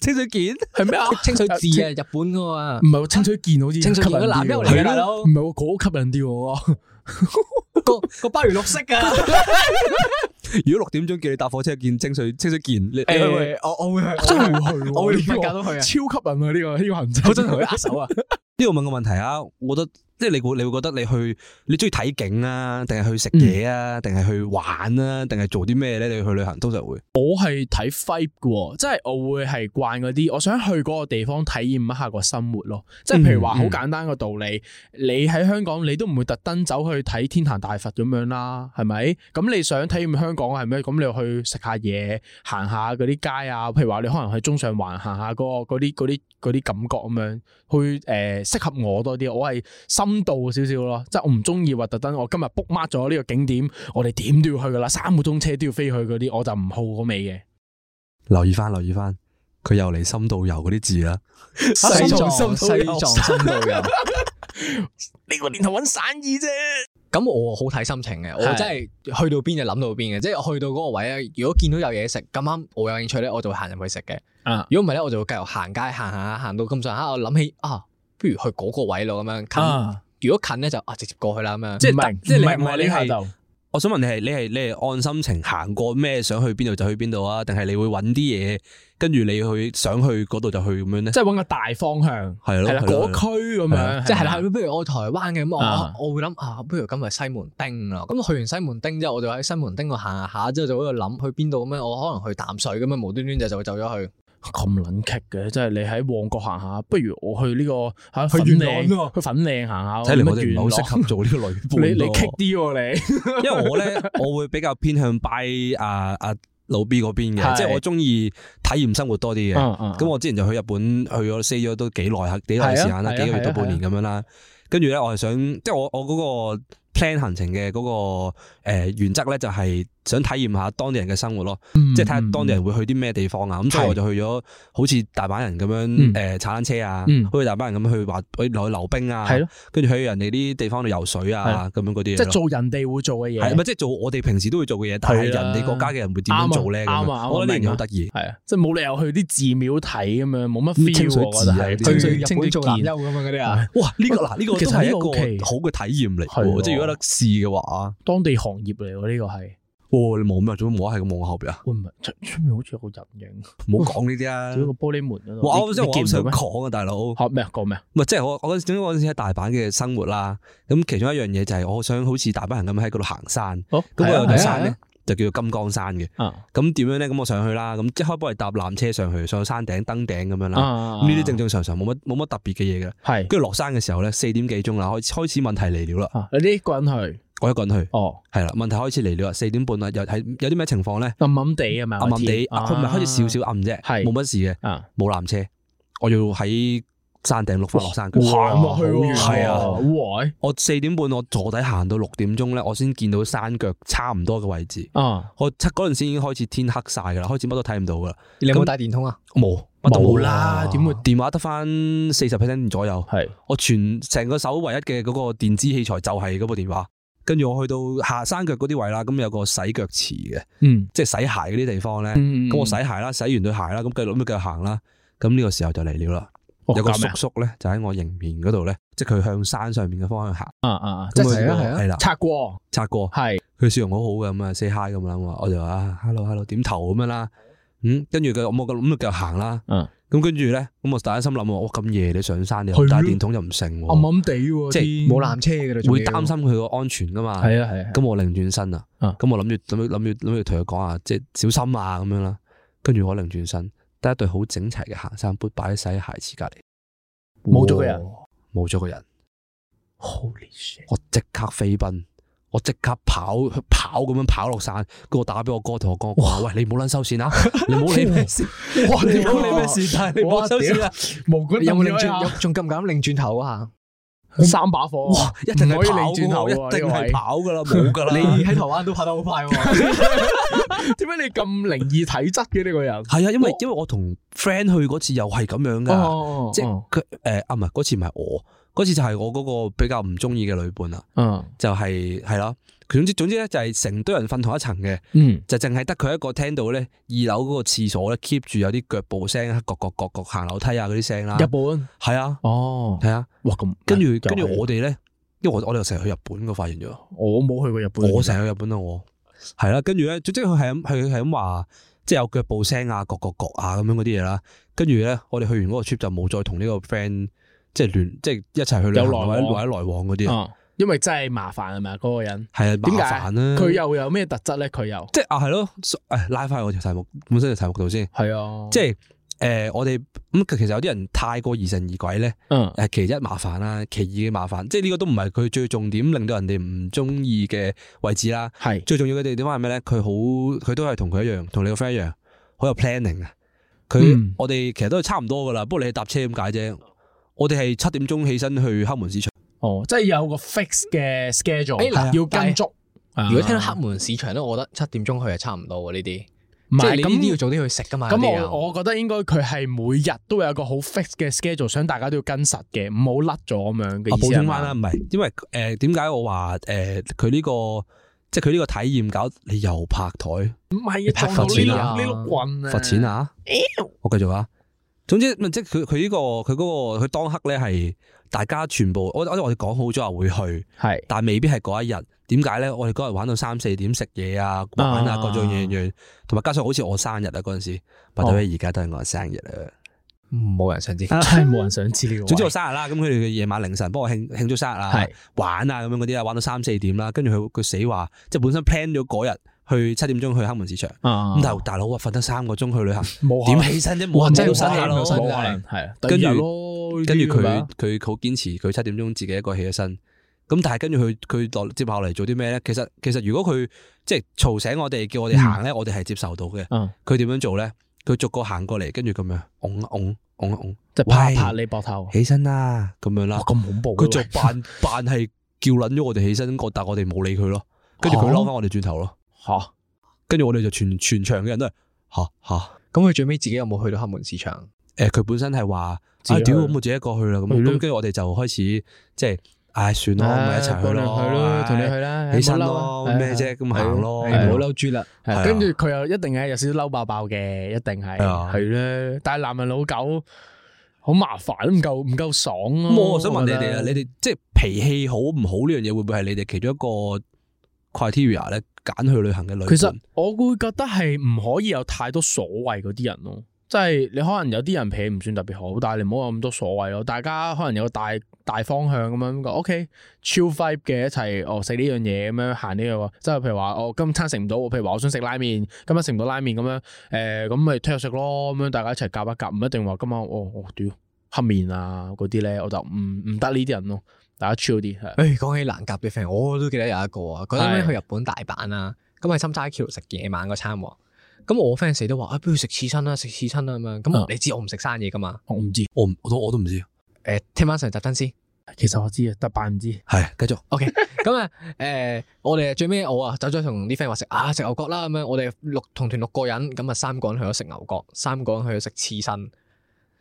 Speaker 1: 清水健係咩啊，啊？清水寺啊，日本噶嘛？唔係，清水健好似，清水健男一號唔係我嗰吸引啲、啊。 <laughs> 個個鮑魚綠色㗎， <laughs> 如
Speaker 2: 果六點鐘叫你搭火車見清水，清水見你，我我會去，真係的會去，我連八家都去啊，超
Speaker 1: 吸引啊呢個呢個行程，好真同佢握手啊！
Speaker 2: 呢度問個問題啊，我覺得。即係你會你會覺
Speaker 1: 得你去你中意睇景啊，定係去食嘢啊，定係去玩啊，定係做啲咩咧？你去旅行都就會，我係睇 f i 輝嘅，即係我會係慣嗰啲，我想去嗰個地方體驗一下個生活咯。即係譬如話好簡單嘅道理，嗯嗯、你喺香港你都唔會特登走去睇天壇大佛咁樣啦，係咪？咁你想體驗香港係咩？咁你去食下嘢，行下嗰啲街啊。譬如話你可能去中上環行下，那個嗰啲嗰啲嗰啲感覺咁樣，去誒適合我多啲。我係心。深度少少咯，即係我唔中意話特登，我今日 book mark 咗呢個景點，我哋點都要去噶啦，三個鐘車都要飛去嗰啲，我就唔好嗰味嘅。
Speaker 2: 留意翻，留意翻，佢又嚟
Speaker 1: 深度遊嗰啲字啦，啊。西藏深度遊，呢個年頭搵生意啫。咁我好睇心情嘅，我真係去到邊就諗到邊嘅，的即係去到嗰個位咧。如果見到有嘢食咁啱，我有興趣咧，我就會行入去食嘅，嗯。啊，如果唔係咧，我就會繼續行街行行下，行到咁上下，我諗起啊。不如去嗰個位咯，咁樣近。如果近咧就啊，直接過去啦，咁樣。即係唔係？即係唔係？唔係你
Speaker 2: 我想問你係你係你係按心情行過咩？想去邊度就去邊度啊？定係你會揾啲嘢跟住你去想去嗰度就去
Speaker 1: 咁樣咧？即係揾個大方向，係咯，係啦，嗰區咁樣，即係啦。不如我台灣嘅咁，我我會諗啊，不如今日西門町啦。咁去完西門町之後，我就喺西門町度行下，之後就喺度諗去邊度咁樣。我可能去淡水咁樣，無端端就就會走咗去。咁撚棘嘅，即係你喺旺角行下，不如我去呢、這個吓元朗，去，去粉嶺行下。睇嚟我哋唔係好適合做呢個女伴 <laughs> 你。你你棘啲你，因為我咧 <laughs> 我會比較偏向拜
Speaker 2: 阿阿老 B 嗰邊嘅，是即係我中意體驗生活多啲嘅。咁的我之前就去日本去咗 stay 咗都幾耐，幾耐時間啦，幾個月到半年咁樣啦。跟住咧，我係想即係我我嗰個 plan 行程嘅嗰個誒原則咧就係、是。想體驗下當地人嘅生活咯即係睇下當地人會去啲咩地方啊。咁之後就去咗好似大阪人咁樣誒，踩單車啊，好似大阪人咁去話去去溜冰啊，係咯跟住去人哋啲地方度游水啊，咁樣嗰啲。即係做
Speaker 1: 人哋會做嘅嘢，唔係即係
Speaker 2: 做我哋平時都會做嘅嘢，但係人哋國家嘅人會點樣做咧？啱啊，我覺得呢個好得意，係啊，
Speaker 1: 即係冇理由去啲寺廟睇咁樣，冇乜 feel 嘅。去日本做人妖咁樣嗰啲啊，哇！呢個嗱呢個其實係一個好嘅體驗嚟，即係如果得試嘅話，當地行業嚟，我呢個係。你望咩？做咩？摸喺咁望我後邊啊？唔係出面好似有個人影。唔好講呢啲啊！喺個玻璃門嗰度。我我即係我想講啊，大佬。講咩啊？講
Speaker 2: 咩？即係我我嗰陣時喺大阪嘅生活啦。咁其中一樣嘢就係我想好似大班人咁喺嗰度行山。咁我有座山咧，就叫做金剛山嘅。咁點樣咧？咁我上去啦。咁即係開波嚟，搭纜車上去，上到山頂登頂咁樣啦。呢啲正正常常冇乜冇乜特別嘅嘢嘅。係。跟住落山嘅時候咧，四點幾鐘啦，開開始問題嚟了啦。你一個人去？我一個人去哦，係啦。問題開始嚟啦，四點半啦，又係有啲咩情況咧？暗暗地啊嘛，暗暗地，佢唔係開始少少暗啫，係冇乜事嘅。冇纜車，我要喺山頂落翻落山腳，行落去係
Speaker 1: 啊，我四
Speaker 2: 點半我坐底行到六點鐘咧，我先見到山腳差唔多嘅位置。我嗰陣先已經開始天黑晒噶啦，開始乜都睇唔到噶啦。你有冇帶
Speaker 1: 電筒啊？冇，冇啦，點
Speaker 2: 會？電話得翻四十 percent 左右，係我全成個手唯一嘅嗰個電子器材就係嗰部電話。跟住我去到下山腳嗰啲位啦，咁有個洗腳池嘅，即係洗鞋嗰啲地方咧。咁我洗鞋啦，洗完對鞋啦，咁繼續諗住繼續行啦。咁呢個時候就嚟了啦。有個叔叔咧，就喺我迎面嗰度咧，即係佢向山上面嘅方向
Speaker 1: 行。啊啊，即係係啦，擦過，
Speaker 2: 擦過，係。佢笑容好好嘅，咁啊 say hi 咁，諗話，我就話 hello hello，點頭咁樣啦。嗯，跟住佢我冇咁諗住繼續行啦。咁跟住咧，咁我第一心諗話，哇咁夜你上山你帶電筒又唔成，
Speaker 1: 暗暗地即係冇纜車噶啦，會擔心
Speaker 2: 佢個安全噶嘛？係啊係啊，咁我擰轉身啊，咁我諗住諗住諗住同佢講啊，即係、就是、小心啊咁樣啦。跟住我擰轉身，得一對好整齊嘅行山杯擺喺晒鞋齒隔籬，
Speaker 1: 冇咗個人，
Speaker 2: 冇咗個人，Holy shit！我即刻飛奔。我即刻跑跑咁樣跑落山，跟住打俾我哥，同我哥：，哇喂，你唔好捻收線啦，你唔好理咩事，你唔好理咩事，但係你唔好收線啊！有冇諗住
Speaker 1: 仲敢唔敢擰轉頭嗰下？三把火，哇！一定可以擰轉頭，一定係跑噶啦，冇噶啦！你喺台灣都跑得好快喎，點解你咁靈異體質嘅呢個人？係啊，因為因為我
Speaker 2: 同 friend 去嗰次又係咁樣噶，即係佢誒，唔係嗰次唔係我。嗰次就係我嗰個比較唔中意嘅旅伴啦，嗯，嗯就係係咯，總之總之咧就係成堆人瞓同一層嘅，嗯，就淨係得佢一個聽到咧，二樓嗰個廁所咧 keep 住有啲腳步聲，各各各各行樓梯啊，嗰啲聲啦，日本
Speaker 1: 係啊，啊哦，係啊，哇咁，跟住跟住我
Speaker 2: 哋咧，啊、因為我我哋成日去日本嘅發現咗，
Speaker 1: 我冇去過日本，我成
Speaker 2: 日去日本啦、啊，就是就是，我係啦，跟住咧，總之佢係咁係係咁話，即係有腳步聲啊，各各各啊咁樣嗰啲嘢啦，跟住咧我哋去完嗰個 trip 就冇再同呢個 friend。即係連，即係、就是、一齊去旅行有來或者或來往嗰啲、嗯、
Speaker 1: 因為真係麻煩係咪嗰個人
Speaker 2: 係啊，麻煩啦、啊。佢又
Speaker 1: 有咩特質咧？佢又即係、就
Speaker 2: 是、啊，係咯。誒，拉翻我條題目本身條題目度先。係啊，即係誒，我哋咁其實有啲人太過疑神疑鬼咧。嗯，其一麻煩啦，其二嘅麻煩。即係呢個都唔係佢最重點，令到人哋唔中意嘅位置啦。係是最重要嘅地方係咩咧？佢好，佢都係同佢一樣，同你個 friend 一樣，好有 planning 啊。佢、嗯、我哋其實都係差唔多噶啦。不過你搭車點解啫？我哋係七點鐘起身去黑門市場，哦，
Speaker 1: 即係有個 fix 嘅 schedule、哎、要跟足。是如果聽到黑門市場咧，啊、我覺得七點鐘去係差唔多喎。呢啲唔係即係呢啲要早啲去食噶嘛。咁我我覺得應該佢係每日都有一個好 fix 嘅 schedule，想大家都要跟實嘅，唔好甩咗咁樣嘅意思補充翻啦，
Speaker 2: 唔係、啊，因為誒點解我話誒佢呢個即係佢呢個體驗搞你又拍台？
Speaker 1: 唔係要拍到呢呢碌棍啊，罰
Speaker 2: 錢啊！我繼續啊。總之，即係佢佢呢個佢嗰、嗰個佢當刻咧係大家全部，我我哋講好咗話會去，係是，但係未必係嗰一日。點解咧？我哋嗰日玩到三四點食嘢啊，玩啊各種樣樣，同埋加上好似我生日啊嗰陣時，百多蚊而家都係我生日啦，
Speaker 1: 冇、哦、人想知，真係冇人想知 <laughs> 總之我
Speaker 2: 生日啦，咁佢哋嘅夜晚凌晨幫我慶慶祝生日啊，是玩啊咁樣嗰啲啊，玩到三四點啦，跟住佢佢死話，即係本身 plan 咗嗰日。去七點鐘去黑門市場，咁頭，大佬啊，瞓得三個鐘去旅行，
Speaker 1: 點起身啫？我真係要生起咯，係，跟住跟住佢
Speaker 2: 佢好堅持，佢七點鐘自己一個起咗身，咁但係跟住佢佢落接下嚟做啲咩咧？其實其實如果佢即係嘈醒我哋，叫我哋行咧，我哋係接受到嘅。佢點樣做咧？佢逐個行過嚟，跟住咁樣，拱一拱，拱一拱，即拍你膊頭，起身啦，咁樣啦，咁恐怖，佢就扮扮係叫撚咗我哋起身，但係我哋冇理佢咯，跟住佢攞翻我哋轉頭咯。吓，跟住我哋就全全場嘅人都係吓吓，咁佢最尾自己有冇去到黑門市場？誒，佢本身係話，自屌，咁我自己過去啦，咁，跟住我哋就開始即係，唉算咯，咪一齊去咯，同你去啦，起身咯，咩啫，咁行咯，唔好嬲豬啦。跟住
Speaker 1: 佢又一定係有少少嬲爆爆嘅，一定係係啦。但係男人老狗好麻煩，唔夠唔夠爽啊！我想問你哋啊，你哋
Speaker 2: 即係脾氣好唔好呢樣
Speaker 1: 嘢，會唔會係你哋其中一個 criteria 咧？揀去旅行嘅旅行，其實我會覺得係唔可以有太多所謂嗰啲人咯，即係你可能有啲人脾氣唔算特別好，但係你唔好有咁多所謂咯。大家可能有大大方向咁樣，OK，超 five 嘅一齊，哦，食呢樣嘢咁樣行呢樣，即係譬如話我、哦、今餐食唔到，譬如話我想食拉麵，今日食唔到拉麵咁樣，誒咁咪聽日食咯咁樣。大家一齊夾一夾，唔一定話今晚哦，我、哦、屌、啊、黑面啊嗰啲咧，我就唔唔得呢啲人咯。大家 chill 啲嚇。誒，講、哎、起難夾嘅 friend，我都記得有一個啊。嗰陣咧去日本大阪啊，咁喺是心齋橋食夜晚嗰餐喎。咁我 friend 死都話、哎：，不如食刺身啦，食刺身啦咁樣。咁你知我唔食生嘢噶嘛？我唔知，我我都我都唔知。誒，聽晚上集珍先。其實我知啊，大阪唔知。係，繼續。OK、 <laughs> 嗯。咁、嗯、啊，誒，我哋最尾我啊，走咗同啲 friend 話食啊，食牛角啦咁樣。我哋六同團六個人，咁啊三個人去咗食牛角，三個人去咗食刺身。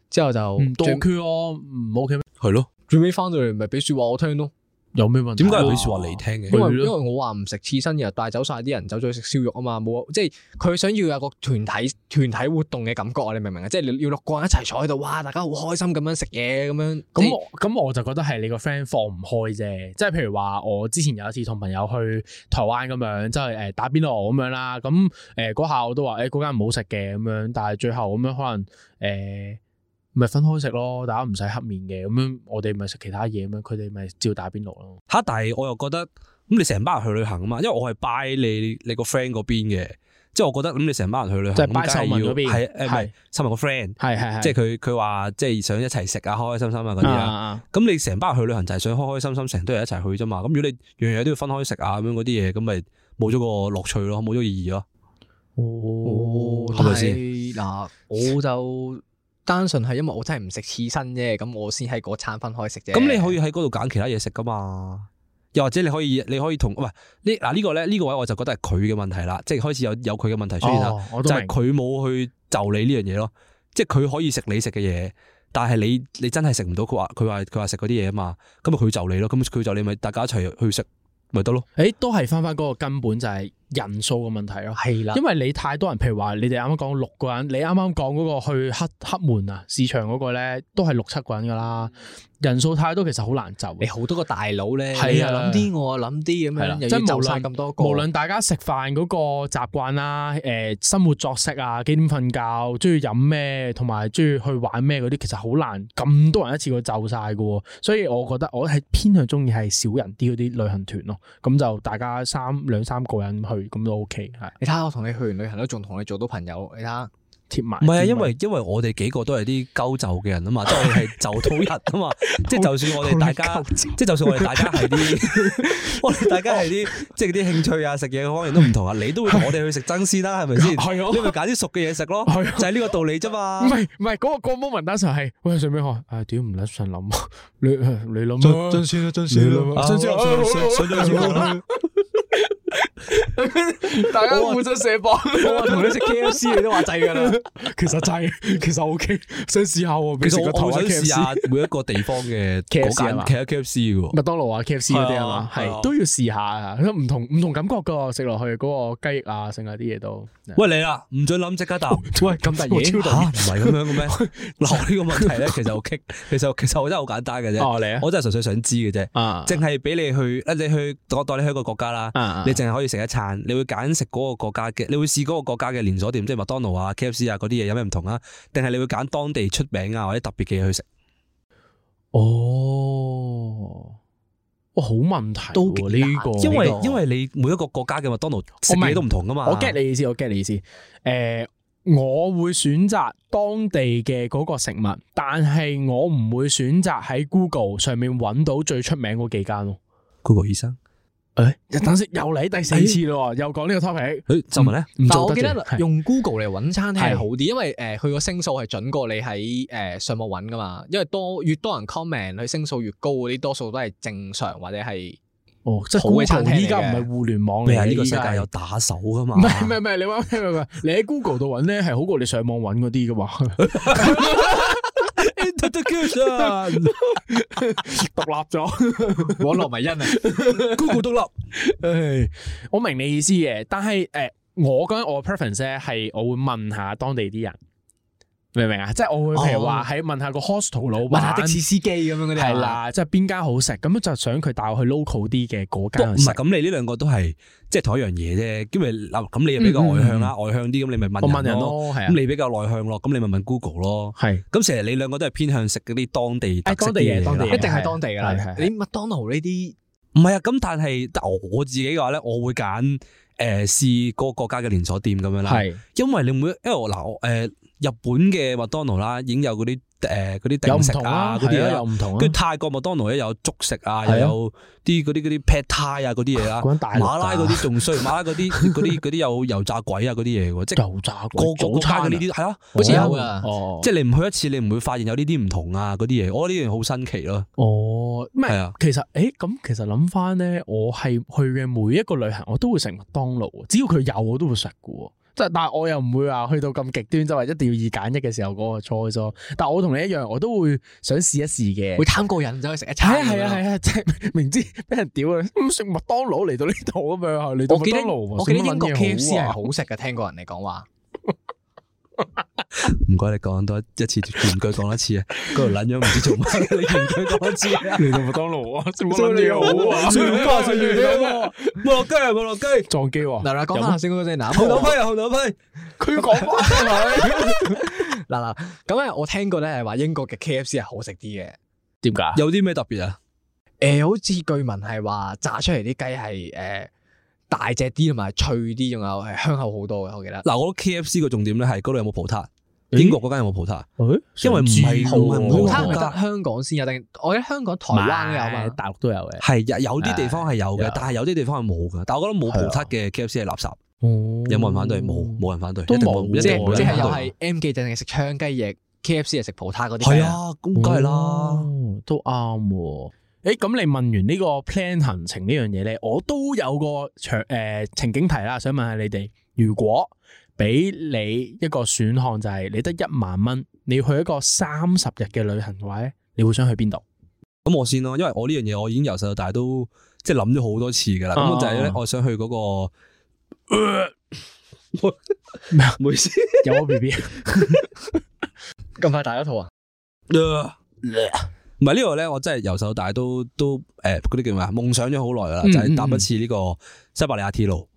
Speaker 1: 之後就唔 ok 咯，唔 ok 咩？係咯。 <laughs> 最尾翻到嚟咪俾說話我聽咯，有咩問題？點解係俾說話你聽嘅？啊、因為我話唔食刺身嘅，帶走晒啲人，走咗去食燒肉啊嘛，冇即係佢想要有個團體團體活動嘅感覺啊！你明唔明啊？即係你要六個人一齊坐喺度，哇！大家好開心咁樣食嘢咁樣，咁我咁我就覺得係你個 friend 放唔開啫。即係譬如話我之前有一次同朋友去台灣咁樣，即係誒打邊爐咁樣啦。咁誒嗰下我都話誒嗰間唔好食嘅咁樣，但係最後咁樣可能誒。欸咪分開食咯，大家唔使黑面嘅，咁樣我哋咪食其他嘢，咁樣佢哋咪照打邊爐咯。吓，但係
Speaker 2: 我又覺得，咁你成班人去旅行啊嘛，因為我係拜你你個 friend 嗰邊嘅，即係我覺得咁你成班人去旅行，拜係 by 收埋嗰邊，係係收埋個 friend，係係即係佢佢話即係想一齊食啊，開開心心啊嗰啲啊，咁你成班人去旅行就係想開開心心，成日都一齊去啫嘛，咁如果你樣樣都要分開食啊咁樣嗰啲嘢，咁咪冇咗個樂趣咯，冇咗意義咯。
Speaker 1: 哦，係咪先嗱，我就。單純係因為我真係唔食刺身啫，咁我先喺嗰餐分開食啫。咁你可以喺
Speaker 2: 嗰度揀其他嘢食噶嘛？又或者你可以你可以同喂，呢嗱呢個咧呢、呢個位我就覺得係佢嘅問題啦，即係開始有有佢嘅問題出現啦。哦、就係佢冇去就你呢樣嘢咯，即係佢可以食你食嘅嘢，但係你你真係食唔到。佢話佢話佢話食嗰啲嘢啊嘛，咁咪佢就你咯，咁佢就你咪大家一齊去食咪得咯？誒、欸，
Speaker 1: 都係翻翻嗰個根本就係、是。人數嘅問題咯，係啦的，因為你太多人，譬如話你哋啱啱講六個人，你啱啱講嗰個去黑黑門啊市場嗰個咧，都係六七個人噶啦，人數太多其實好難就，你好多個大佬咧，的你諗啲我諗啲咁樣，又就晒咁多個，無論大家食飯嗰個習慣啦，誒、呃，生活作息啊，幾點瞓覺，中意飲咩，同埋中意去玩咩嗰啲，其實好難咁多人一次過就晒噶，所以我覺得我係偏向中意係少人啲嗰啲旅行團咯，咁就大家三兩三個人去。咁都 OK，係你睇下我同你去完旅行都仲同你做到朋友，你睇貼埋。唔係啊，因為
Speaker 2: 因為我哋幾個都係啲鳩就嘅人啊嘛，即係就土人啊嘛，即係就算我哋大家，即係就算我哋大家係啲，我哋大家係啲，即係嗰啲興趣啊食嘢嘅方面都唔同啊，你都會同我哋去食真絲啦，係咪先？係你咪揀啲熟嘅嘢食咯，就係呢個道理啫嘛。唔
Speaker 1: 係唔係，嗰個嗰個名單就係喂上邊我，唉屌唔甩上諗，你你諗真絲啊真。大家付出社保，我同你食 K F C 你都話滯噶啦。其實滯，其實 O K，想試下喎。其實我想試下每
Speaker 2: 一個地方嘅嗰間 K F C，麥當勞啊 K F C 嗰啲係嘛，係都
Speaker 1: 要試下，唔同唔同感覺噶。食落去嗰個雞翼啊，剩下啲嘢都。
Speaker 2: 喂你啦，唔准諗即刻答。喂咁大嘢，吓唔係咁樣嘅咩？嗱呢個問題咧，其實好 K，其實其實我真係好簡單嘅啫。我真係純粹想知嘅啫，淨係俾你去，你去我帶你去一個國家啦，你淨係可以。食一餐，你會揀食嗰個國家嘅，你會試嗰個國家嘅連鎖店，即係麥當勞啊、K F C 啊嗰啲嘢有咩唔同啊？定係你會揀當地出名啊或者特別嘅嘢去食？
Speaker 1: 哦，哇，好問題、啊，都呢、這個，因為、這個、因為你每一個國家嘅麥當勞食味都唔同噶嘛。我 get 你意思，我 get 你意思。誒、呃，我會選擇當地嘅嗰個食物，但係我唔會選擇喺 Google 上面搵到最出名嗰幾間咯。Google 醫生。誒、欸，等陣又嚟第四次咯，欸、又講、嗯、呢個 topic。就乜咧？但我記得用 Google 嚟搵餐廳係好啲，是的 因為誒佢個星數係準過你喺誒、呃、上網搵噶嘛。因為多越多人 comment，佢星數越高嗰啲，多數都係正常或者係哦，即係好嘅餐廳。依家唔係互聯網嚟，呢、這個世界有打手噶嘛？唔係唔係，你話你喺 Google 度搵咧，係好過你上網搵嗰啲噶嘛？ <laughs> <laughs> 獨立咗，網絡迷因啊，Google 獨立。我明你意思嘅，但係誒、呃，我覺得我 preference 咧係我會問下當地啲人。明唔明啊？即係我會譬如話喺問下個 hostel 老闆、問下的士司機咁樣嗰啲係啦，即係邊間好食咁樣，就想佢帶我去 local 啲嘅嗰間。唔係咁，你呢兩個都係即係同一樣嘢啫。因為嗱，咁你又比較外向啦，外
Speaker 2: 向啲咁，你咪問人咯。咁你比較內向咯，咁你咪問 Google 咯。係咁，成日你兩個都係偏向食嗰啲當地特色嘅嘢，一定係當地嘅啦。
Speaker 1: 你麥當勞呢啲唔係啊？咁
Speaker 2: 但係我自己嘅話咧，我會揀誒試各個國家嘅連鎖店咁樣啦。係，因為你每，因為我嗱，誒。日本嘅麥當勞啦，已經有嗰啲誒嗰啲定食啊，嗰啲啊又唔同啊。跟泰國麥當勞咧有粥食啊，又有啲嗰啲啲 Pad Thai 啊嗰啲嘢啦。馬拉嗰啲仲衰，馬拉嗰啲啲啲有油炸鬼啊嗰啲嘢
Speaker 1: 喎，即係油炸鬼，個個國家嗰啲係啊，好似有啊。哦，
Speaker 2: 即係你唔去一次，你唔會發現有呢啲唔同啊嗰啲嘢，我覺得呢樣好新奇咯。
Speaker 1: 哦，咩？啊，其實誒咁，其實諗翻咧，我係去嘅每一個旅行，我都會食麥當勞，只要佢有我都會食嘅喎。但係我又唔會話去到咁極端，就係一定要二揀一嘅時候嗰個菜咗。但係我同你一樣，我都會想試一試嘅，會貪過癮走去食一餐。係啊係啊，即係明知俾人屌啊，咁食麥當勞嚟到呢度咁樣，嚟到麥當勞。我記得英國 K F C 係好食嘅，聽過人哋講話。
Speaker 2: 唔該，你講多一次，全句講多次啊！嗰
Speaker 1: 度撚樣唔知做乜，你全句講一次。嚟到麥當勞啊？祝你好啊！祝你生日好啊！麥樂雞啊！麥樂雞！撞機啊！嗱嗱，講下先嗰陣，啊，扒牛扒，佢要講啊！嗱嗱，咁啊，我聽過咧係話英國嘅 K F C 係好食啲嘅，點解？有啲咩特別啊？誒，好似據聞係話炸出嚟啲雞係誒。大隻啲同埋脆啲，仲有香口好多嘅，我記得。嗱，我
Speaker 2: 覺得 K F C 個重點咧係嗰度有冇葡撻？英國嗰間有冇葡撻？因為唔係好撻，係得
Speaker 1: 香港先有，定我喺香港、台灣有，大陸都有嘅。係有啲地
Speaker 2: 方係有嘅，但係有啲地方係冇嘅。但係我覺得冇葡撻嘅 K F C 係垃圾。有冇人反對？冇，冇人
Speaker 1: 反對。即係有係 M 記 M 定凈係食香雞翼，K F C 係食葡撻嗰啲。係啊，咁梗係啦。都啱喎。誒，咁你、嗯、問完呢個 plan 行程呢樣嘢咧，我都有個場誒、呃、情景題啦，想問下你哋，如果俾你一個選項，就係你得一萬蚊，你要去一個三十日嘅旅行嘅話咧，你會想去邊度？
Speaker 2: 咁我先咯，因為我呢樣嘢我已經由細到大都即係諗咗好多次噶啦，咁就係咧，我想去嗰個，唔
Speaker 1: 好意思，有我 B B，
Speaker 2: 咁快大咗肚啊！唔係呢個咧，我真係由細到大都都誒嗰啲叫咩啊？夢、呃、想咗好耐啦，嗯嗯，就係搭一次呢個西伯利亞鐵路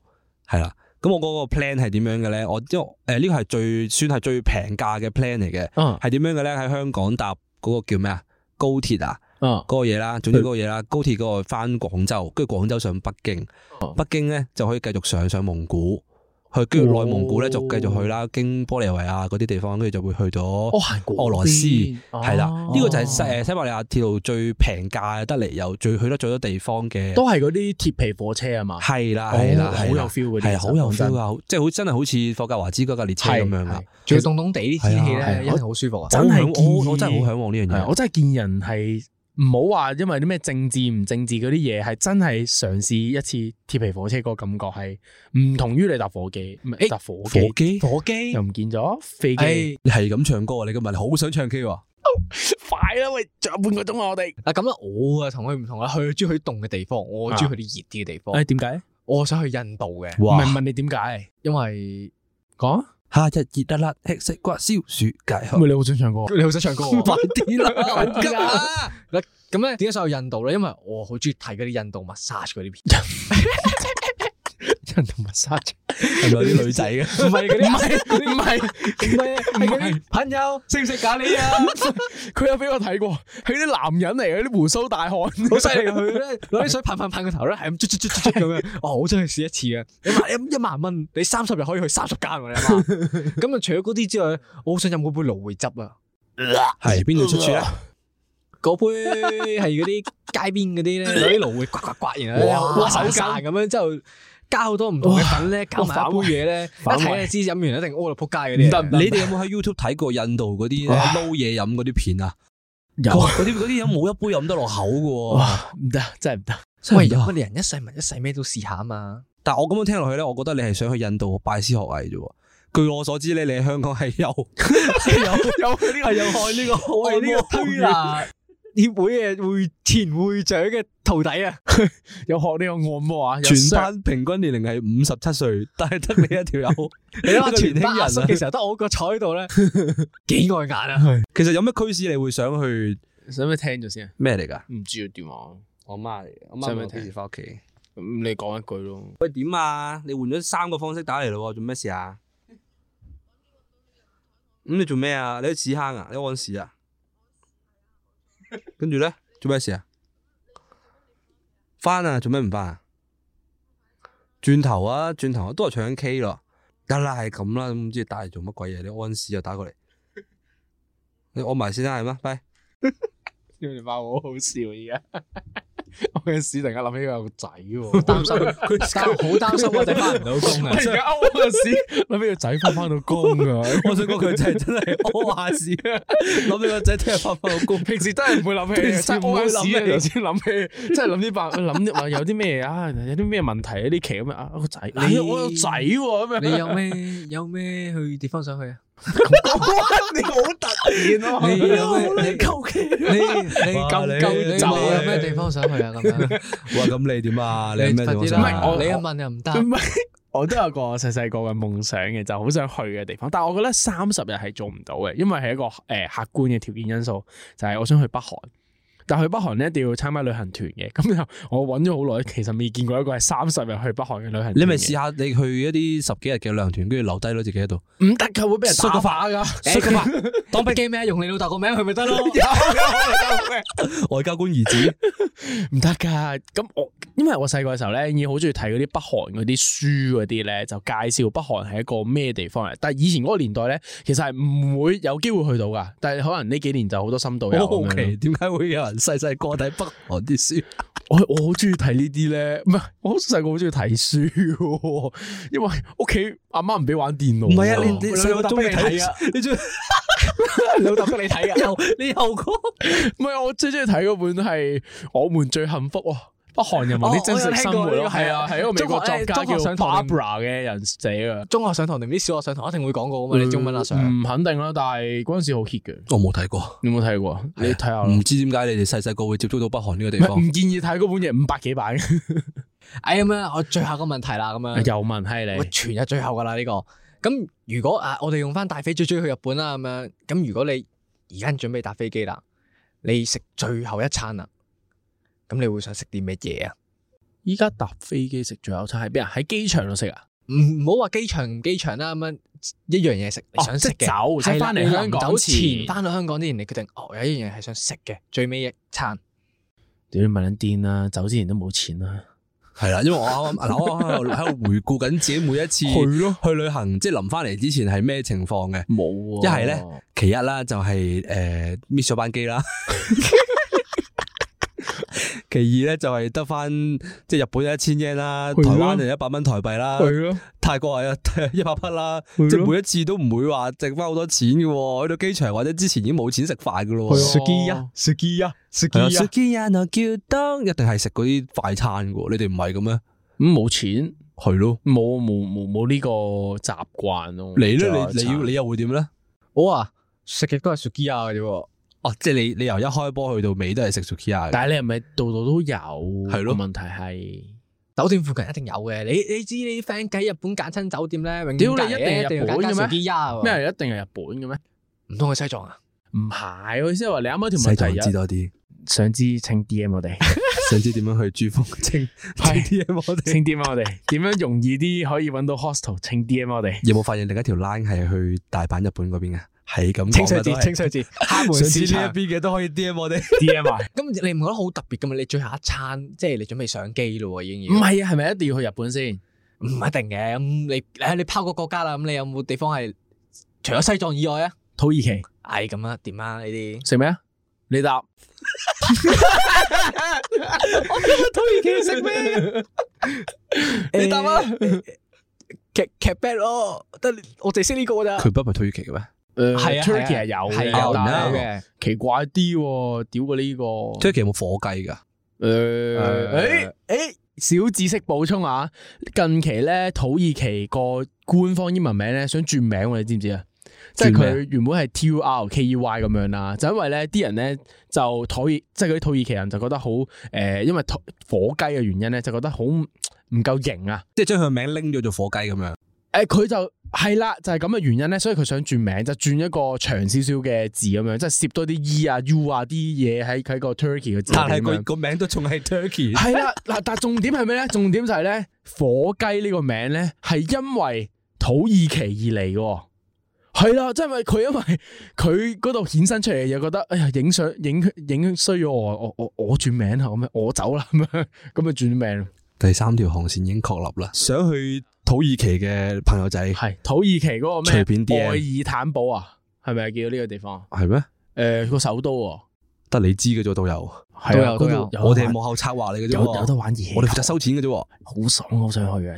Speaker 2: 係啦。咁我嗰個 plan 係點樣嘅咧？我因為誒呢個係最算係最平價嘅 plan 嚟嘅，嗯，係點樣嘅咧？喺香港搭嗰個叫咩啊？高鐵啊，嗯，嗰個嘢啦，總之嗰個嘢啦，高鐵嗰個返廣州，跟住廣州上北京，北京咧就可以繼續上上蒙古。去跟住內蒙古咧，就繼續去啦，經玻利維亞嗰啲地方，跟住就會去咗俄羅斯，係啦。呢個就係西誒西伯利亞鐵路最平價得嚟又最去得最多地方嘅。都係嗰啲鐵皮火車啊嘛。係啦係啦，好有 feel 嗰啲，好有 feel 啊！即係好真係好似霍格華
Speaker 1: 茲嗰架列車咁樣嘅。仲凍凍地啲天氣咧，一定好舒服。真係我我真係好向往呢樣嘢，我真係見人係，唔好話，因為啲咩政治唔政治嗰啲嘢，係真係嘗試一次鐵皮火車個感覺係唔同於你搭火機，唔係搭火機，火機火機火機又唔見咗飛機，欸。你係咁唱歌啊？你今日你好想唱 K 喎，哦？快啦喂，仲有半個鐘啊！我哋嗱咁啦，我啊同佢唔同啊，佢中意去凍嘅地方，我中意去啲熱啲嘅地方。誒、啊，點解、欸？我想去印度嘅，唔係哇問你點解？因為講。夏日熱得甩，吃西瓜消暑解渴。咪你好想唱歌？ <laughs> 你好想唱歌？快啲啦，唔掂啊！咁咧，點解想去印度咧？因為我好中意睇嗰啲印度 massage 嗰啲片。 <laughs> <laughs> 同抹沙係咪啲女仔嘅？唔係，唔係，唔係，唔係，係啲是朋友識唔識咖喱啊？佢 <laughs> 有俾我睇過，係啲男人嚟嘅，啲鬍鬚大漢，好犀利佢咧，攞啲 <laughs> 水噴噴噴個頭咧，係咁捽捽捽捽咁樣。我好想去試一次嘅，一萬蚊，你三十日可以去三十間嘅，咁啊！ <laughs> 除咗嗰啲之外，我好想飲嗰杯蘆薈汁啊！
Speaker 2: 係邊度出處咧？
Speaker 1: 嗰 <laughs> 杯係嗰啲街邊嗰啲咧，攞啲蘆
Speaker 2: 薈刮，刮刮刮，然後刮手散
Speaker 1: 咁樣之後。加好多唔同嘅粉咧，搞埋杯嘢咧，一睇你知飲完一定屙到仆街嗰啲。你哋有
Speaker 2: 冇喺 YouTube 睇過印度嗰啲咧撈嘢飲嗰啲片啊？
Speaker 1: 有嗰啲嗰啲飲冇一杯飲得落口嘅，唔得，真係唔得。喂，有冇人一世物一世咩都試下啊嘛。
Speaker 2: 但係我咁樣聽落去咧，我覺得你係想去印度拜師學藝啫。據我所知咧，你喺香港係有有？有有係有開呢個開呢個。
Speaker 1: 協會嘅會前會長嘅徒弟啊，有學呢個按摩啊。全班
Speaker 2: 平均年齡係五十七歲，但係得你一條友，你話全班人嘅時候得
Speaker 1: 我個坐喺度咧，幾礙 <laughs> 眼啊！佢
Speaker 2: <laughs> 其實有咩趨勢你會想去？
Speaker 1: 想唔想聽咗先咩嚟噶？唔知要點講、啊，我媽嚟嘅。想唔想聽住翻屋企？
Speaker 2: 咁你講一句咯。喂，點啊？你換咗三個方式打嚟咯，做咩事啊？咁你做咩啊？你喺屎坑啊？你喺按時啊？跟住咧做咩事返啊？翻啊？做咩唔翻啊？轉頭啊，轉頭我、啊、都係唱 K 咯，得啦，係咁啦，都唔知打嚟做乜鬼嘢、啊，你安師又打過嚟，你安埋先啦，係咩？拜！
Speaker 1: 因為你話我好笑而家。我嘅屎突然間諗起個仔，擔心佢，好擔心個仔翻唔到工啊！突然屙屎，諗起個仔翻唔翻到工啊！我想講佢真係真係屙下屎，諗起個仔聽日翻唔到工，平時真係唔會諗起嘅，先屙屎啊！先諗起，真係諗啲白諗啲話，有啲咩啊？有啲咩問題啊？呢期咁樣啊個仔，我有仔咁樣，你有咩
Speaker 2: 有咩去地方想去啊？我
Speaker 1: 覺得 <laughs> 你好突然咯，你究竟哇救你究竟你你夠有咩 <laughs> 地方想去啊？咁， <laughs> 喂，咁你點啊？你咩？唔係我，我你問又唔得，唔係 <laughs> 我都有個細細個嘅夢想嘅，就好，是，想去嘅地方，但係我覺得三十日係做唔到嘅，因為係一個誒客觀嘅條件因素，就係，是，我想去北韓。但去北韓咧，一定要參加旅行團嘅，咁又我揾咗好耐，其實未見過一個係三十日去北韓嘅旅行
Speaker 2: 團。你咪試下你去一啲十幾日嘅旅行團，跟住留低咯自己喺
Speaker 1: 度。唔得噶，會俾人打靶噶。打靶當北京咩？用你老豆個名去咪得咯？ <laughs> <laughs> <laughs> 外交官兒子唔得噶，咁 <laughs> 我。因為我細個嘅時候咧，已經好中意睇嗰啲北韓嗰啲書嗰啲咧，就介紹北韓係一個咩地方嚟。但係以前嗰個年代咧，其實係唔會有機會去到噶。但係可能呢幾年就好多深度遊。好，好奇點解樣會有人細細個睇北韓啲書？ <laughs> 我我好中意睇呢啲咧，唔係，我細個好中意睇書，因為屋企阿媽唔俾玩電腦。唔係啊，你，你，你老豆中意睇啊？你老豆你睇啊？你又個？唔係我最中意睇嗰本係《我們最幸福》。北韓人民啲真實生活咯，係啊，係一個美國作家叫 Barbara 嘅人寫啊。中學上堂定唔知小學上堂一定會講過噶嘛？你中文啦，阿 Sir 唔肯定啦，但係嗰陣時好 hit 嘅。我冇睇過，你冇睇過，你睇下。唔知點解你哋細細個會接觸到北韓呢個地方？唔建議睇嗰本嘢，五百幾版。哎呀，咁啊，我最後個問題啦，咁樣又問係你，全日最後噶啦呢個。咁如果啊，我哋用翻大飛追追去日本啦，咁樣。咁如果你而家準備搭飛機啦，你食最後一餐啦。咁、嗯、你會想食啲咩嘢啊？依家搭飛機食最後一餐喺邊啊？喺機場度食啊？唔好話機場唔機場啦，咁樣一樣嘢食，你想食嘅。哦，即係走，翻嚟香港前，翻到香港之前，你決定哦，有一樣嘢係想食嘅，最尾一餐。你咪捻癲啦！走之前都冇錢啦，
Speaker 2: 係啦，因為我啱啱喺度回顧緊自己每一次去咯，去旅行即係臨翻嚟之前係咩情況嘅？冇、啊，一係咧，其一啦，就係誒 miss 咗班機啦。其二咧，就係得翻，即係日本一千 yen 啦，台灣就一百蚊台幣啦，泰國係一百筆啦，即係每一次都唔會話剩翻好多錢嘅，去到機場或者之前已經冇錢食飯噶咯。食雞啊，食雞啊，食雞啊，食雞啊，我叫燈，一定係食嗰啲快餐噶，你哋唔
Speaker 1: 係嘅咩？咁冇錢係咯，冇冇冇冇呢個習慣咯。你咧，你你你又會點咧？我啊，食極都係食雞啊嘅啫。哦，即係你你由一開波去到尾都係食 sukiya！但係你係咪度度都有？係咯，問題係酒店附近一定有嘅。你你知你啲 friend 喺日本揀親酒店咧，永遠大嘅，sukiya？咩一定係日本嘅咩？唔通去西藏啊？唔係，我意思係話你啱啱條問題知多啲，想知請 D M 我哋，想知點樣去珠峰，請請 D M 我哋，請 DM 我哋，點樣容易啲可以揾到 hostel，請 D M 我哋。有冇發現另一條 line 係去大阪日本嗰邊啊？係咁，清水寺，是清水寺，黑門市呢一邊嘅都可以 D M 我哋 D M 啊。咁 <laughs> 你唔覺得好特別噶嘛？你最後一餐，即係你準備上機咯，已經。唔係啊，係咪一定要去日本先？唔一定嘅。咁你你你拋個國家啦。咁你有冇地方係除咗西藏以外啊？土耳其。係咁、哎、啊？點啊？呢啲食咩啊？你答。我今日土耳其食咩？ <laughs> <laughs> 你答啊？劇劇本咯，得、哦、我淨識呢個咋。佢不係土耳其嘅咩？係啊，Turkey 係有有，嘅，奇怪啲，屌過呢個 Turkey 有冇火雞噶？誒誒誒，小知識補充下，近期咧土耳其個官方英文名咧想轉名，你知唔知啊？即係佢原本係 T U R K E Y 咁樣啦，就因為咧啲人咧就土即係啲土耳其人就覺得好誒，因為火雞嘅原因咧就覺得好唔夠型啊，即係將佢個名拎咗做火雞咁樣。誒，佢就。係啦，就係咁嘅原因咧，所以佢想轉名，就轉、是、一個長少少嘅字咁樣，即係攝多啲 e 啊 u 啊啲嘢喺喺個 Turkey 嘅字。但係佢個
Speaker 2: 名都仲係 Turkey 了。係啦，
Speaker 1: 嗱，但係重點係咩咧？重點就係咧，火雞呢個名咧係因為土耳其而嚟嘅。係啦，即係咪佢因為佢嗰度衍生出嚟嘅嘢，覺得哎呀影相影影衰咗我，我我我轉名啊咁樣，我走啦咁 <laughs> 樣轉，咁啊轉名。第三條航線已經確立啦。想去。土耳其嘅朋友仔係土耳其嗰
Speaker 2: 個咩？愛爾
Speaker 1: 坦堡啊，係咪叫呢個地方？係咩？誒，個首都啊，
Speaker 2: 得你知嘅啫，導遊。導遊，我哋係幕後策劃
Speaker 1: 你嘅啫，有得玩嘢，我哋負責收錢嘅啫，好爽，好想去啊！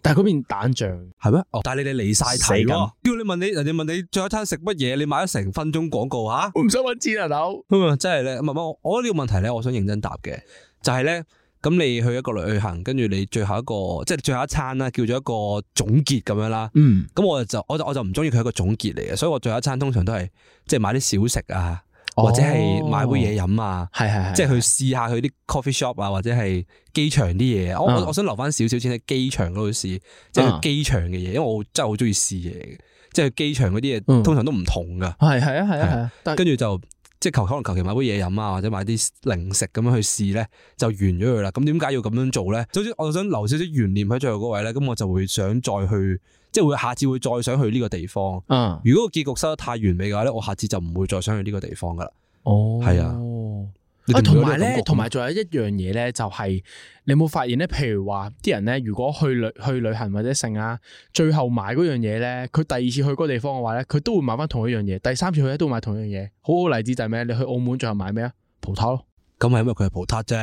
Speaker 1: 但係嗰邊打仗係咩？但係你哋離晒題。咁。
Speaker 2: 叫你問你人哋問你最後一餐食乜嘢？你買咗成分鐘廣告吓，我唔想搵錢啊，老。真係咧，我我，我呢個問題咧，我想認真答嘅就係咧。咁你去一個旅行，跟住你最後一個即係最後一餐啦，叫做一個總結咁樣啦。嗯，咁我就我就我就唔中意佢一個總結嚟嘅，所以我最後一餐通常都係即係買啲小食啊，
Speaker 1: 哦、或者係買杯嘢飲
Speaker 2: 啊，係係、哦、即係去試下佢啲 coffee shop 啊，或者係機場啲嘢。嗯、我我想留翻少少錢喺機場嗰度試，即係機場嘅嘢，因為我真係好中意試嘢嘅，即係機場嗰啲嘢通常都唔同噶。係係啊係啊係啊，跟住就。的即係求可能求其買杯嘢飲啊，或者買啲零食咁樣去試咧，就完咗佢啦。咁點解要咁樣做咧？首先，我想留少少懸念喺最後嗰位咧，咁我就會想再去，即係會下次會再想去呢個地方。嗯，如果個結局收得太完美嘅話咧，我下次就唔會再想去呢個地方㗎喇。
Speaker 1: 哦，係啊。有有啊，同埋咧，同埋仲有一樣嘢咧，就係你冇發現咧？譬如話啲人咧，如果去旅去旅行或者剩啊，最後買嗰樣嘢咧，佢第二次去嗰個地方嘅話咧，佢都會買翻同一樣嘢，第三次去咧都會買同一樣嘢。好好例子就係咩？你去澳門最後買咩啊？葡撻咯。咁係因為佢係葡撻啫，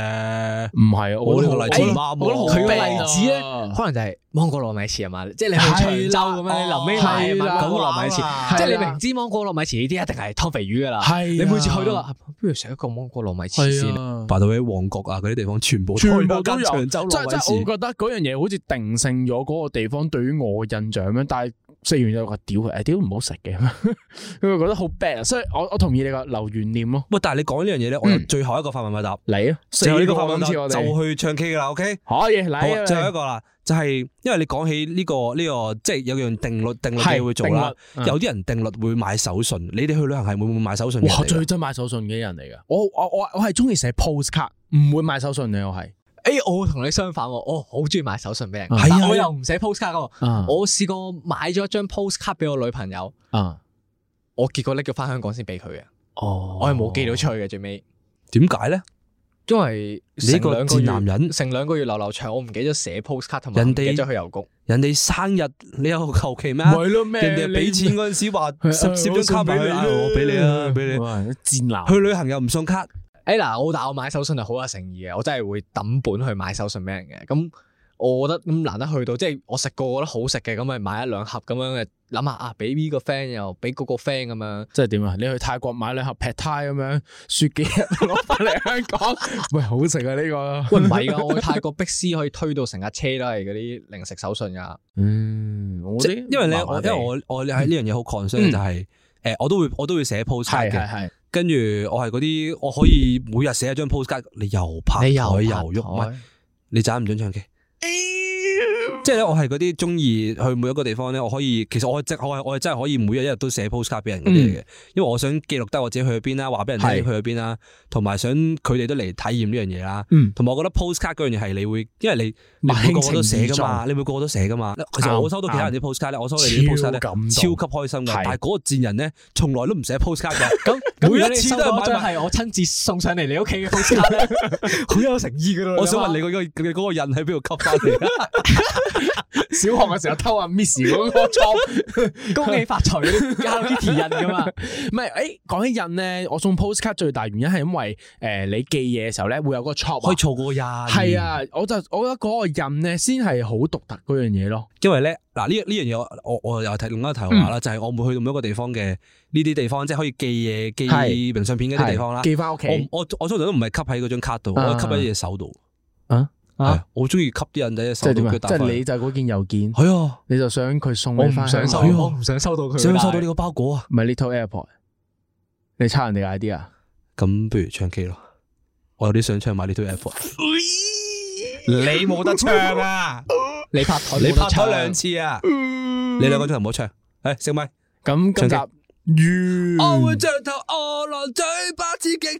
Speaker 1: 唔係啊！我呢個例子，佢個例子咧，可能就係芒果糯米糍啊嘛，即係你去長洲咁樣，你臨尾係芒果糯米糍，即係你明知芒果糯米糍呢啲一定係湯肥魚噶啦，你每次去都話不如食一個芒果糯米糍先，擺
Speaker 2: 到喺旺角啊嗰啲地方，全部全部都長洲糯米糍，即係我覺
Speaker 1: 得嗰樣嘢好似定性咗嗰個地方對於我嘅印象咧，但係。食完又話屌佢，誒屌唔好食嘅，佢 <laughs> 會覺得好 bad 啊，所以我我同意你個留懸念咯、啊。喂，但係你講呢樣嘢咧，我有最後一個發問問答嚟、嗯、啊，最後一個發問問答就去
Speaker 2: 唱 K 噶啦，OK？可以嚟、啊好啊、最後一個啦，就係、是、因為你講起呢個呢個，即、這、係、個就是、有樣定律，定律你會做啦。有啲
Speaker 1: 人定律會買手信，嗯、你哋去旅行係會唔會，會買手信？哇，最憎買手信嘅人嚟噶，我我我我係中意寫 postcard 唔會買手信嘅我係。誒，我同你相反，我好中意買手信俾人，係我又唔寫 postcard 噶。我試過買咗一張 postcard 俾我女朋友，我結果拎咗翻香港先俾佢嘅。我係冇寄到出去嘅，最尾。點解咧？因為你個賤男人，成兩個月流流長，我唔記得寫 postcard，同埋寄咗去郵局。人哋生日，你有求其咩？人哋俾錢嗰陣時，話：，唔卡俾你我俾你啦，俾你。賤男，去旅行又唔送卡。誒嗱，我、欸、但我買手信係好有誠意嘅，我真係會抌本去買手信俾人嘅。咁我覺得咁難得去到，即係我食過覺得好食嘅，咁咪買一兩盒咁樣嘅諗下啊，俾呢個 friend 又俾嗰個 friend 咁樣。即係點啊？你去泰國買兩盒 patay 咁樣，雪幾日攞翻嚟香港，喂， <laughs> 好食啊呢、呢個。喂唔係噶，我去泰國碧斯可以推到成架車都係嗰啲零食手信噶。嗯，我因為咧，我因
Speaker 2: 為我我喺呢樣嘢好 concern 就係，誒，我都會我都會寫 post 係係的。跟住我係嗰啲，我可以每日寫一張 postcard，你又拍你又喐，唔係你咋唔准唱 K？即係咧，我係嗰啲中意去每一個地方咧，我可以其實我係即我我真係可以每日一日都寫 postcard 俾人嘅嘢嘅，因為我想記錄得我自己去咗邊啦，話俾人知去咗邊啦，同埋想佢哋都嚟體驗呢樣嘢啦。同埋我覺得 postcard 嗰樣嘢係你會，因為你每個個都寫噶嘛，你每個個都寫噶嘛。其實我收到其他人啲 postcard 咧，我收到你啲 postcard 咧，超級開心嘅。但係嗰個賤人咧，從來都唔寫 postcard 嘅。咁每一次都係
Speaker 1: 我親自送上嚟你屋企嘅 postcard 咧，好有誠意噶
Speaker 2: 咯。我想問你嗰個個印
Speaker 1: 喺邊度吸翻嚟？ <laughs> 小學嘅時候偷阿 Miss 嗰個章，恭喜發財加啲貼印㗎嘛？唔係，誒、欸，講起印咧，我送 postcard 最大原因係因為，誒、呃，你寄嘢嘅時候咧會有個戳，可以儲個印。係啊，我就我覺得嗰個印咧先係好獨特嗰樣嘢咯。因為咧，嗱呢呢樣嘢我我，我又提另
Speaker 2: 一條話啦，嗯、就係我每去到一個地方嘅呢啲地方，即、就、係、是、可以寄嘢寄明信片嗰啲地方啦。寄翻屋企，我我通常，常都唔係吸喺嗰張卡度，啊、我吸喺隻手度。啊？我中意吸啲人仔，即係點啊？即係你就
Speaker 1: 嗰件郵件，係啊，你就想佢送我翻，唔想收到，唔想收到佢，想收到呢個包裹啊？唔係呢套 AirPod 你差人哋 idea 啊？咁不如唱 K 咯，我有啲想唱埋呢套 AirPod，你冇得唱啊？你拍台，你拍台兩次
Speaker 2: 啊？你兩個鐘頭唔好唱，誒，食麥，咁今集。完，我會將頭餓爛，嘴巴似極